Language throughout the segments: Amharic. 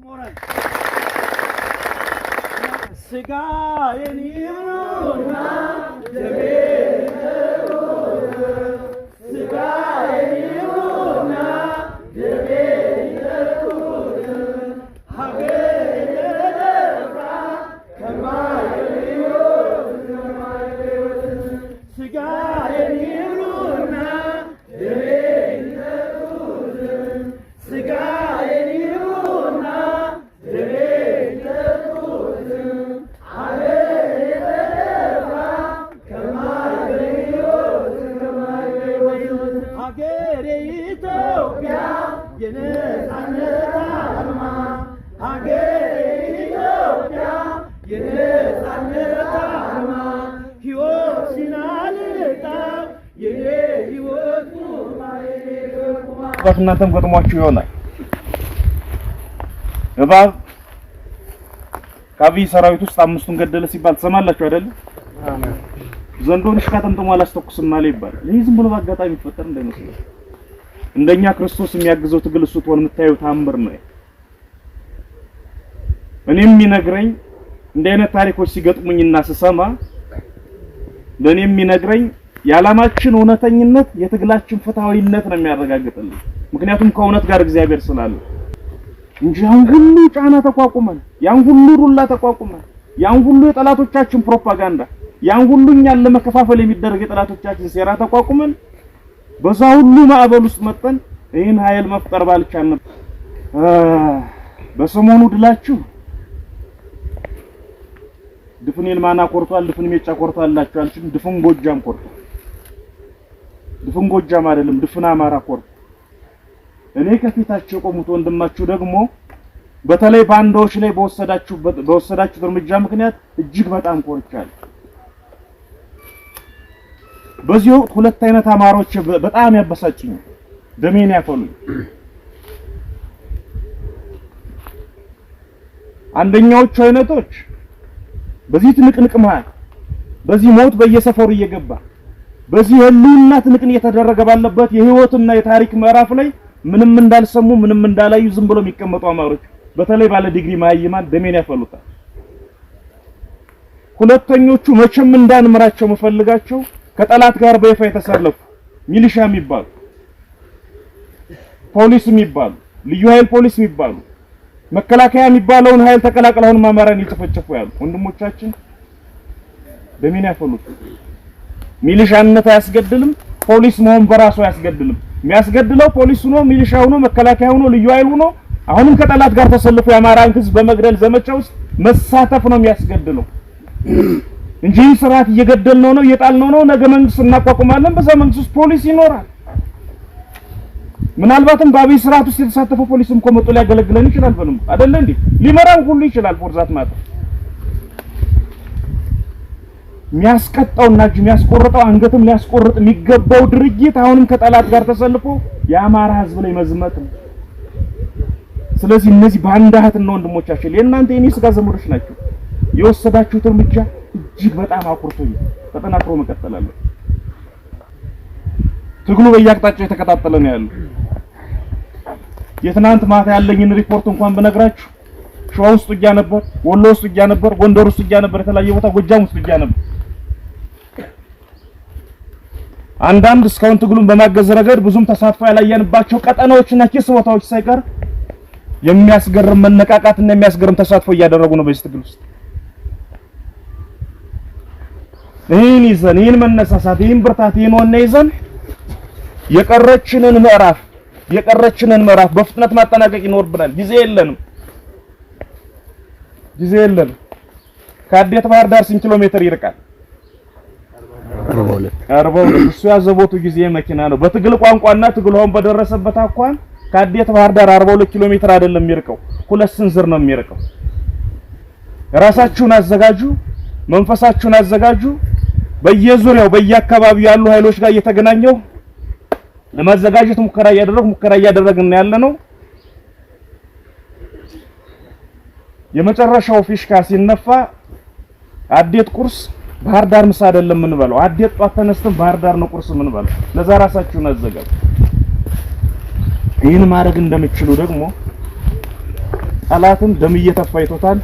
ትኖረን ስጋ የኔ ነው ምናልባት እናንተም ገጥሟችሁ ይሆናል። እባብ ከአብይ ሰራዊት ውስጥ አምስቱን ገደለ ሲባል ትሰማላችሁ አይደለ? ዘንዶን ሽካ ጠምጥሞ አላስተኩስም አለ ይባላል። ይህ ዝም ብሎ በአጋጣሚ ይፈጠር እንዳይመስል እንደኛ ክርስቶስ የሚያግዘው ትግል እሱ ትሆን የምታዩት ታምር ነው። እኔ የሚነግረኝ እንዲህ አይነት ታሪኮች ሲገጥሙኝና ስሰማ ለኔ የሚነግረኝ የዓላማችን እውነተኝነት የትግላችን ፍትሐዊነት ነው የሚያረጋግጥልን። ምክንያቱም ከእውነት ጋር እግዚአብሔር ስላለ እንጂ ያን ሁሉ ጫና ተቋቁመን፣ ያን ሁሉ ዱላ ተቋቁመን፣ ያን ሁሉ የጠላቶቻችን ፕሮፓጋንዳ፣ ያን ሁሉ እኛን ለመከፋፈል የሚደረግ የጠላቶቻችን ሴራ ተቋቁመን በዛ ሁሉ ማዕበል ውስጥ መጠን ይህን ኃይል መፍጠር ባልቻልን በሰሞኑ ድላችሁ ድፍን ማና ቆርጧል፣ ድፍን ሜጫ ቆርጧል አላችሁ። ድፍን ጎጃም ቆርጧል። ድፍን ጎጃም አይደለም፣ ድፍን አማራ ኮር። እኔ ከፊታቸው የቆሙት ወንድማችሁ ደግሞ በተለይ ባንዳዎች ላይ በወሰዳችሁበት በወሰዳችሁት እርምጃ ምክንያት እጅግ በጣም ቆርቻለሁ። በዚህ ወቅት ሁለት አይነት አማሮች በጣም ያበሳጭኝ፣ ደሜን ያፈሉኝ። አንደኛዎቹ አይነቶች በዚህ ትንቅንቅ መሀል በዚህ ሞት በየሰፈሩ እየገባ በዚህ የህልውና ትንቅንቅ እየተደረገ ባለበት የህይወትና የታሪክ ምዕራፍ ላይ ምንም እንዳልሰሙ ምንም እንዳላዩ ዝም ብሎ የሚቀመጡ አማሮች በተለይ ባለ ዲግሪ ማይማን ደሜን ያፈሉታል። ሁለተኞቹ መቼም እንዳንምራቸው መፈልጋቸው ከጠላት ጋር በይፋ የተሰለፉ ሚሊሻ የሚባሉ ፖሊስ የሚባሉ ልዩ ኃይል ፖሊስ የሚባሉ መከላከያ የሚባለውን ኃይል ተቀላቅለውን አማራን እየጨፈጨፉ ያሉ ወንድሞቻችን ደሜን ያፈሉታል። ሚሊሻነት አያስገድልም። ፖሊስ መሆን በራሱ አያስገድልም። የሚያስገድለው ፖሊስ ሆኖ ሚሊሻ ሆኖ መከላከያ ሆኖ ልዩ ኃይል ሆኖ አሁንም ከጠላት ጋር ተሰልፎ የአማራን ህዝብ በመግደል ዘመቻ ውስጥ መሳተፍ ነው የሚያስገድለው እንጂ ስርዓት እየገደልነው ነው ነው እየጣልነው ነው። ነው ነገ መንግስት እናቋቁማለን። በዛ መንግስት ውስጥ ፖሊስ ይኖራል። ምናልባትም በአብይ ስርዓት ውስጥ የተሳተፈው ፖሊስም እኮ መጥቶ ሊያገለግለን ይችላል። በንም አይደለ እንዴ ሊመራን ሁሉ ይችላል። ፎርዛት ማለት የሚያስቀጣውና እጅ የሚያስቆርጠው አንገትም ሊያስቆርጥ የሚገባው ድርጊት አሁንም ከጠላት ጋር ተሰልፎ የአማራ ህዝብ ላይ መዝመት ነው። ስለዚህ እነዚህ ባንዳ እህትና ወንድሞቻችን የእናንተ የኔ ስጋ ዘመዶች ናቸው። የወሰዳችሁት እርምጃ እጅግ በጣም አኩርቶኝ ተጠናክሮ መቀጠል አለ። ትግሉ በየአቅጣጫው የተቀጣጠለ ነው ያለው። የትናንት ማታ ያለኝን ሪፖርት እንኳን ብነግራችሁ ሸዋ ውስጥ ውጊያ ነበር፣ ወሎ ውስጥ ውጊያ ነበር፣ ጎንደር ውስጥ ውጊያ ነበር፣ የተለያየ ቦታ ጎጃም ውስጥ ውጊያ ነበር። አንዳንድ እስካሁን ትግሉን በማገዝ ረገድ ብዙም ተሳትፎ ያላየንባቸው ቀጠናዎችና ኪስ ቦታዎች ሳይቀር የሚያስገርም መነቃቃትና የሚያስገርም ተሳትፎ እያደረጉ ነው በዚህ ትግል ውስጥ። ይህን ይዘን ይህን መነሳሳት ይህን ብርታት ይህን ወኔ ይዘን የቀረችንን ምዕራፍ የቀረችንን ምዕራፍ በፍጥነት ማጠናቀቅ ይኖርብናል። ጊዜ የለንም፣ ጊዜ የለንም። ከአዴት ባህር ዳር ስንት ኪሎ ሜትር ይርቃል? 42 እሱ ያዘቦቱ ጊዜ መኪና ነው። በትግል ቋንቋና ትግሉን በደረሰበት አኳን ከአዴት ባህር ዳር 42 ኪሎ ሜትር አይደለም የሚርቀው፣ ሁለት ስንዝር ነው የሚርቀው። ራሳችሁን አዘጋጁ፣ መንፈሳችሁን አዘጋጁ። በየዙሪያው በየአካባቢው ያሉ ኃይሎች ጋር እየተገናኘው ለማዘጋጀት ሙከራ እያደረግ ሙከራ እያደረግን ያለ ነው። የመጨረሻው ፊሽካ ሲነፋ አዴት ቁርስ ባህር ዳር ምሳ አይደለም የምንበለው። አዴት ጧት ተነስተን ባህር ዳር ነው ቁርስ የምንበለው። ለዛ ራሳችሁን አዘጋጁ። ይህን ማድረግ እንደምችሉ ደግሞ ጠላትም ደም እየተፋ ይቶታል፣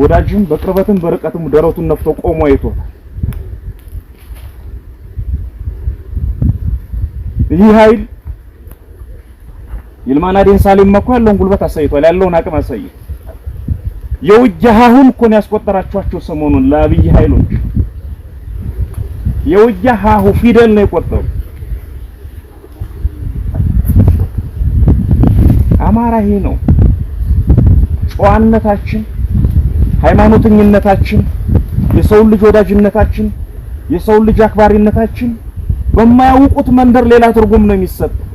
ወዳጅም በቅርበትም በርቀትም ደረቱን ነፍቶ ቆሞ አይቶታል። ይህ ኃይል ይልማና ሳሊም ሊመኩ ያለውን ጉልበት አሳይቷል፣ ያለውን አቅም አሳይቷል። የውጃሃሁን እኮ ነው ያስቆጠራችኋቸው። ሰሞኑን ለአብይ ኃይሎች ሀሁ ፊደል ነው የቆጠሩ። አማራ ይሄ ነው ጨዋነታችን፣ ሃይማኖተኝነታችን፣ የሰውን ልጅ ወዳጅነታችን፣ የሰው ልጅ አክባሪነታችን በማያውቁት መንደር ሌላ ትርጉም ነው የሚሰጠው።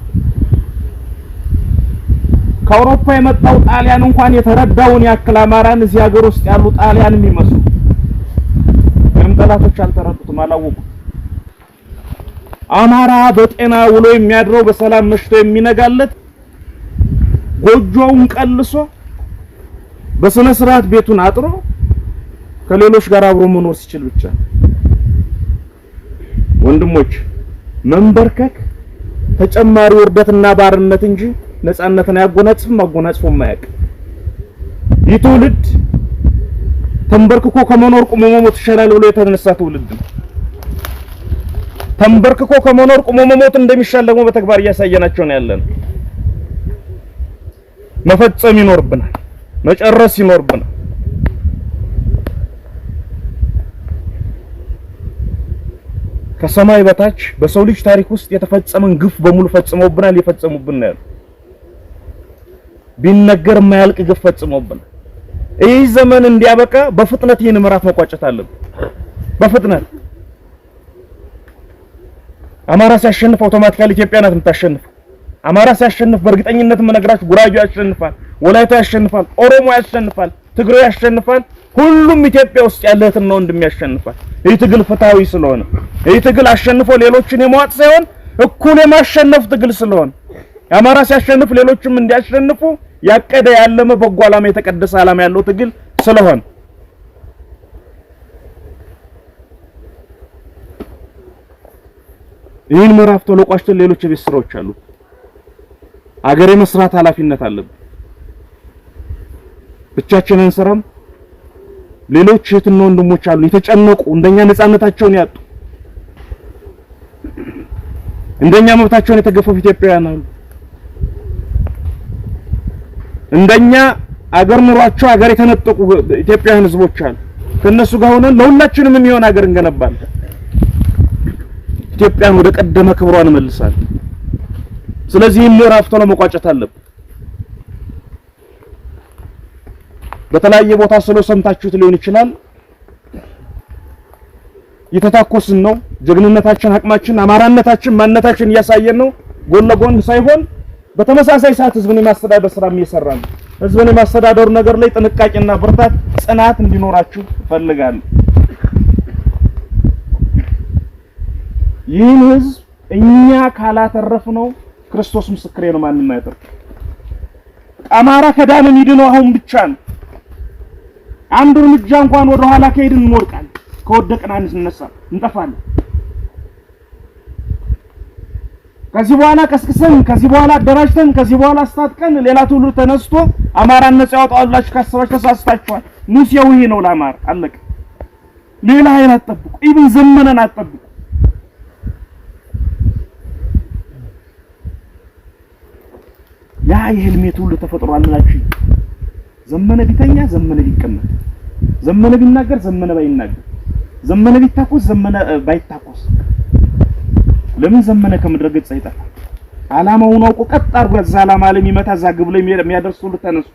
ከአውሮፓ የመጣው ጣሊያን እንኳን የተረዳውን ያክል አማራን እዚህ ሀገር ውስጥ ያሉ ጣሊያን የሚመስሉ ምንም ጠላቶች አልተረዱትም፣ አላወቁም። አማራ በጤና ውሎ የሚያድረው በሰላም መሽቶ የሚነጋለት ጎጆውን ቀልሶ በስነ ስርዓት ቤቱን አጥሮ ከሌሎች ጋር አብሮ መኖር ሲችል ብቻ። ወንድሞች መንበርከክ ተጨማሪ ውርደትና ባርነት እንጂ ነጻነትን አያጎናጽፍም፣ አጎናጽፎ አያውቅም። ይህ ትውልድ ተንበርክኮ ከመኖር ቁሞ መሞት ይሻላል ብሎ የተነሳ ትውልድ ነው። ተንበርክኮ ከመኖር ቁሞ መሞት እንደሚሻል ደግሞ በተግባር እያሳየናቸው ነው ያለን። መፈጸም ይኖርብናል፣ መጨረስ ይኖርብናል። ከሰማይ በታች በሰው ልጅ ታሪክ ውስጥ የተፈጸመን ግፍ በሙሉ ፈጽመውብናል፣ የፈጸሙብን ነው ቢነገር የማያልቅ ግፍ ፈጽመውብን ይህ ዘመን እንዲያበቃ በፍጥነት ይህን ምዕራፍ መቋጨት አለብን። በፍጥነት አማራ ሲያሸንፍ አውቶማቲካሊ ኢትዮጵያ ናት የምታሸንፈው። አማራ ሲያሸንፍ በእርግጠኝነት የምነግራችሁ ጉራጆ ያሸንፋል፣ ወላይታ ያሸንፋል፣ ኦሮሞ ያሸንፋል፣ ትግሮ ያሸንፋል። ሁሉም ኢትዮጵያ ውስጥ ያለህትን ነው እንደሚያሸንፋል። ይህ ትግል ፍትሃዊ ስለሆነ ይህ ትግል አሸንፎ ሌሎችን የመዋጥ ሳይሆን እኩል የማሸነፍ ትግል ስለሆነ የአማራ ሲያሸንፍ ሌሎችም እንዲያሸንፉ ያቀደ ያለመ በጎ ዓላማ የተቀደሰ ዓላማ ያለው ትግል ስለሆነ ይህን ምዕራፍ ቶሎ ሌሎች የቤት ስራዎች አሉ። አገር የመስራት ኃላፊነት አለብን። ብቻችንን አንሰራም። ሌሎች እህትና ወንድሞች አሉ የተጨነቁ እንደኛ ነፃነታቸውን ያጡ እንደኛ መብታቸውን የተገፈፉ ኢትዮጵያውያን አሉ። እንደኛ አገር ኑሯቸው አገር የተነጠቁ ኢትዮጵያውያን ህዝቦች አሉ። ከነሱ ጋር ሆነን ለሁላችንም የሚሆን አገር እንገነባለን። ኢትዮጵያን ወደ ቀደመ ክብሯ እንመልሳለን። ስለዚህ ምዕራፍ ቶሎ መቋጨት አለብን። በተለያየ ቦታ ስለ ሰምታችሁት ሊሆን ይችላል። እየተታኮስን ነው። ጀግንነታችን፣ አቅማችን፣ አማራነታችን፣ ማንነታችን እያሳየን ነው። ጎን ለጎን ሳይሆን በተመሳሳይ ሰዓት ህዝብን የማስተዳደር ስራ እየሰራ ነው። ህዝብን የማስተዳደሩ ነገር ላይ ጥንቃቄና ብርታት፣ ጽናት እንዲኖራችሁ እፈልጋለሁ። ይህን ህዝብ እኛ ነው ክርስቶስ ምስክሬ ነው፣ ማንም አይጠር። አማራ ከዳን የሚድነው አሁን ብቻ ነው። አንዱ እርምጃ እንኳን ወደኋላ ከሄድን እንወድቃለን። ከወደቅን አንነሳ፣ እንጠፋለን። ከዚህ በኋላ ቀስቅሰን ከዚህ በኋላ አደራጅተን ከዚህ በኋላ አስታጥቀን ሌላ ትውልድ ተነስቶ አማራን ነጻ ያወጣዋል ብላችሁ ካሰባችሁ ተሳስታችኋል። ሙሴው ይሄ ነው ለአማራ አለቀ። ሌላ ኃይል አትጠብቁ፣ ኢብን ዘመነን አትጠብቁ። ያ የህልሜ ትውልድ ተፈጥሯል ብላችሁ ዘመነ ቢተኛ ዘመነ ቢቀመጥ፣ ዘመነ ቢናገር ዘመነ ባይናገር፣ ዘመነ ቢታኮስ ዘመነ ባይታኮስ ለምን ዘመነ ከምድረ ገጽ አይጠፋ አላማውን አውቆ ቀጥ አድርጎ እዛ ዓላማ ላይ የሚመታ እዛ ግብ ላይ የሚያደርስ ሁሉ ተነስቶ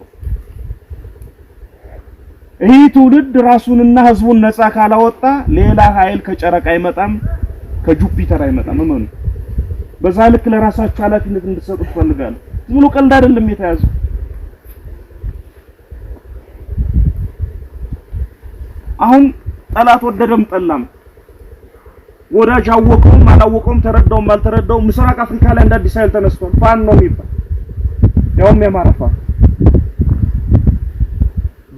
ይህ ትውልድ ራሱንና ህዝቡን ነፃ ካላወጣ ሌላ ኃይል ከጨረቃ አይመጣም፣ ከጁፒተር አይመጣም። እመኑ። በዛ ልክ ለራሳችሁ ኃላፊነት እንድትሰጡ ትፈልጋለሁ። ዝም ብሎ ቀልድ አይደለም የተያዘው። አሁን ጠላት ወደደም ጠላም ወዳጅ አወቀውም አላወቀውም ተረዳውም አልተረዳውም ምስራቅ አፍሪካ ላይ እንደ አዲስ ኃይል ተነስቷል። ፋኖ ነው የሚባል ያውም የአማራ ፋኖ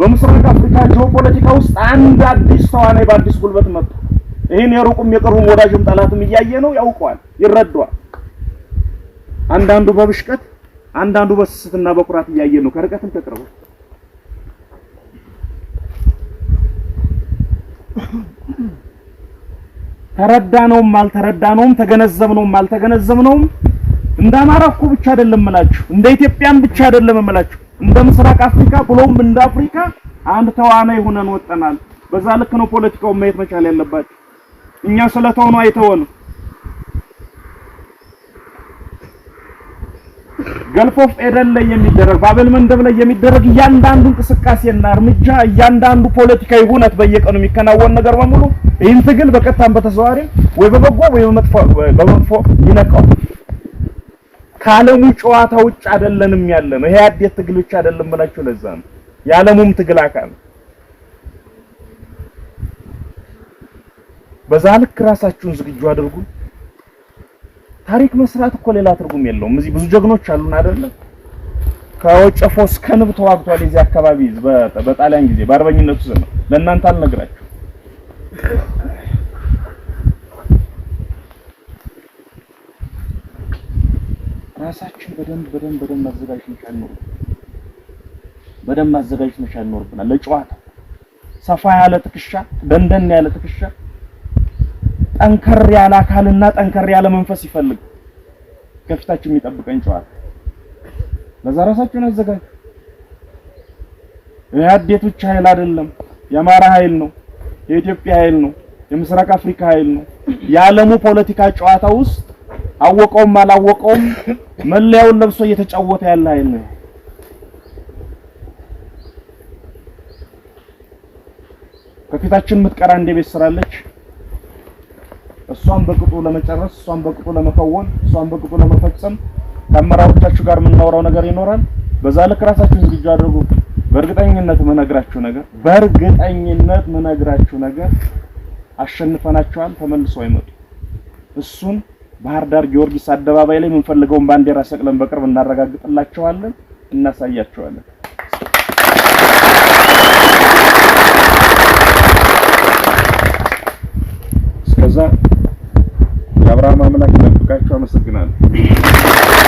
በምስራቅ አፍሪካ ጂኦፖለቲካ ውስጥ አንድ አዲስ ተዋናይ በአዲስ ጉልበት መጥቶ ይህን የሩቁም የቅርቡም ወዳጅም ጠላትም እያየ ነው፣ ያውቀዋል፣ ይረዳዋል። አንዳንዱ በብሽቀት አንዳንዱ በስስትና በኩራት እያየ ነው ከርቀትም ከቅርቡ ተረዳነውም አልተረዳነውም ተገነዘብነውም አልተገነዘብነውም እንደ አማራ እኮ ብቻ አይደለም እምላችሁ እንደ ኢትዮጵያም ብቻ አይደለም እላችሁ፣ እንደ ምስራቅ አፍሪካ ብሎም እንደ አፍሪካ አንድ ተዋናይ ሆነን ወጠናል። በዛ ልክ ነው ፖለቲካው ማየት መቻል ያለባችሁ። እኛ ስለተሆኑ አይተወንም። ገልፍ ኦፍ ኤደን ላይ የሚደረግ ባቤል መንደብ ላይ የሚደረግ እያንዳንዱ እንቅስቃሴና እርምጃ፣ እያንዳንዱ ፖለቲካዊ ሁነት፣ በየቀኑ የሚከናወን ነገር በሙሉ ይህን ትግል በቀጥታም በተዘዋዋሪም ወይ በበጎ ወይ በመጥፎ ይነቀዋል። ከዓለሙ ጨዋታ ውጭ አይደለንም ያለ ነው። ይሄ አዴት ትግል ብቻ አይደለም ብላችሁ ለዛ ነው የዓለሙም ትግል አካል በዛ ልክ ራሳችሁን ዝግጁ አድርጉ። ታሪክ መስራት እኮ ሌላ ትርጉም የለውም። እዚህ ብዙ ጀግኖች አሉን አይደለ? ከወጨፎ እስከ ንብ ተዋግቷል። የዚህ አካባቢ በጣሊያን ጊዜ በአርበኝነቱ ዘመን ለእናንተ አልነግራችሁ ራሳችን በደንብ በደንብ በደንብ ማዘጋጀት መቻል ነው። በደንብ ማዘጋጀት መቻል ይኖርብናል። ለጨዋታ ሰፋ ያለ ትከሻ፣ ደንደን ያለ ትከሻ ጠንከር ያለ አካልና ጠንከር ያለ መንፈስ ይፈልግ ከፊታችሁ የሚጠብቀኝ ጨዋታ። ለዛ ራሳችሁን አዘጋጅ አዘጋጁ። የአዴቶች ኃይል አይደለም፣ የአማራ ኃይል ነው፣ የኢትዮጵያ ኃይል ነው፣ የምስራቅ አፍሪካ ኃይል ነው። የዓለሙ ፖለቲካ ጨዋታ ውስጥ አወቀውም አላወቀውም መለያውን ለብሶ እየተጫወተ ያለ ኃይል ነው። ከፊታችን የምትቀራ እንደ ቤት ስራለች። እሷን በቅጡ ለመጨረስ እሷን በቅጡ ለመከወን እሷን በቅጡ ለመፈጸም ከአመራሮቻችሁ ጋር የምናወራው ነገር ይኖራል። በዛ ልክ ራሳችሁን ዝግጁ አድርጉ። በእርግጠኝነት መነግራችሁ ነገር በእርግጠኝነት ምነግራችሁ ነገር አሸንፈናችኋል። ተመልሶ አይመጡ። እሱን ባህር ዳር ጊዮርጊስ አደባባይ ላይ የምንፈልገውን ባንዲራ ሰቅለን በቅርብ እናረጋግጥላችኋለን፣ እናሳያችኋለን። እስከዛ የአብርሃም አምላክ ይጠብቃችሁ። አመሰግናለሁ።